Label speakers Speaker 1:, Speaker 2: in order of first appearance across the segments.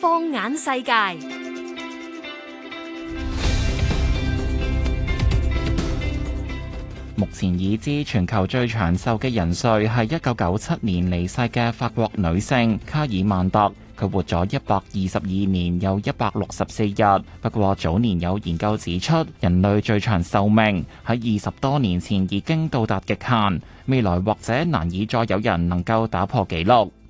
Speaker 1: 放眼世界。目前已知全球最長壽嘅人歲係一九九七年離世嘅法國女性卡爾曼特，佢活咗一百二十二年又一百六十四日。不過早年有研究指出，人類最長壽命喺二十多年前已經到達極限，未來或者難以再有人能夠打破紀錄。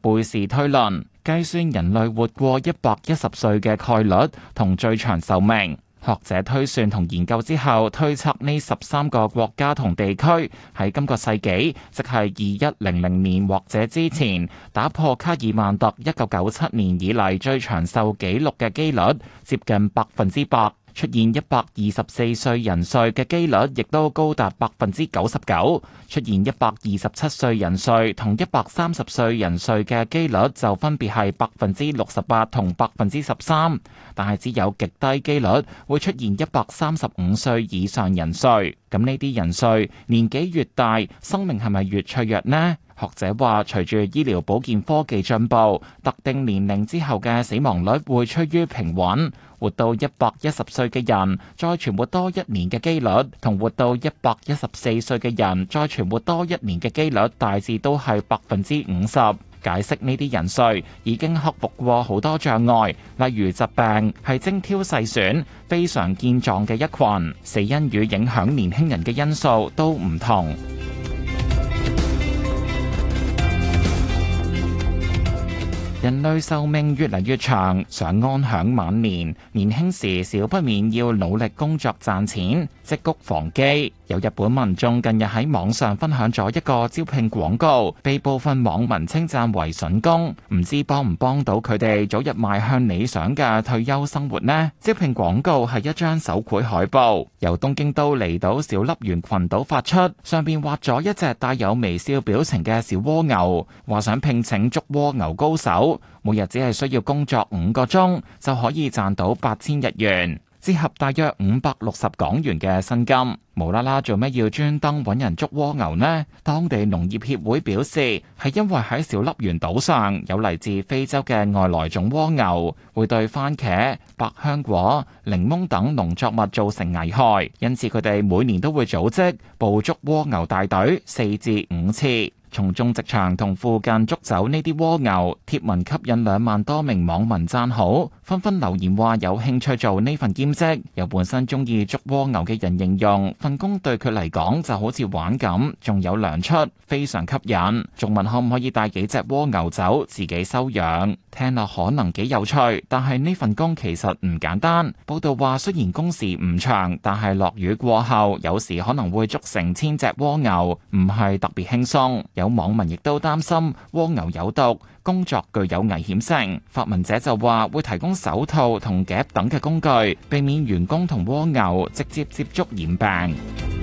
Speaker 1: 貝氏推論，計算人類活過一百一十歲嘅概率同最長壽命。學者推算同研究之後，推測呢十三個國家同地區喺今個世紀，即係二一零零年或者之前，打破卡爾曼特一九九七年以嚟最長壽紀錄嘅機率，接近百分之百。出現一百二十四歲人歲嘅機率，亦都高達百分之九十九。出現一百二十七歲人歲同一百三十歲人歲嘅機率，就分別係百分之六十八同百分之十三。但係只有極低機率會出現一百三十五歲以上人歲。咁呢啲人歲年紀越大，生命係咪越脆弱呢？學者話：隨住醫療保健科技進步，特定年齡之後嘅死亡率會趨於平穩。活到一百一十歲嘅人，再存活多一年嘅機率，同活到一百一十四歲嘅人，再存活多一年嘅機率，大致都係百分之五十。解釋呢啲人瑞已經克服過好多障礙，例如疾病係精挑細選、非常健壯嘅一群，死因與影響年輕人嘅因素都唔同。人類壽命越嚟越長，想安享晚年，年輕時少不免要努力工作賺錢積穀防饑。有日本民眾近日喺網上分享咗一個招聘廣告，被部分網民稱讚為筍工，唔知幫唔幫到佢哋早日邁向理想嘅退休生活呢？招聘廣告係一張手繪海報，由東京都離島小笠原群島發出，上邊畫咗一隻帶有微笑表情嘅小蝸牛，話想聘請捉蝸牛高手。每日只係需要工作五個鐘就可以賺到八千日元，折合大約五百六十港元嘅薪金。無啦啦做咩要專登搵人捉蝸牛呢？當地農業協會表示，係因為喺小笠原島上有來自非洲嘅外來種蝸牛，會對番茄、百香果、檸檬等農作物造成危害，因此佢哋每年都會組織捕捉蝸牛大隊四至五次。從種植場同附近捉走呢啲蝸牛，貼文吸引兩萬多名網民讚好。紛紛留言話有興趣做呢份兼職。有本身中意捉蝸牛嘅人形容份工對佢嚟講就好似玩咁，仲有糧出，非常吸引。仲問可唔可以帶幾隻蝸牛走，自己收養。聽落可能幾有趣，但係呢份工其實唔簡單。報道話雖然工時唔長，但係落雨過後，有時可能會捉成千隻蝸牛，唔係特別輕鬆。有網民亦都擔心蝸牛有毒，工作具有危險性。發文者就話會提供。手套同夾等嘅工具，避免員工同蝸牛直接接觸染病。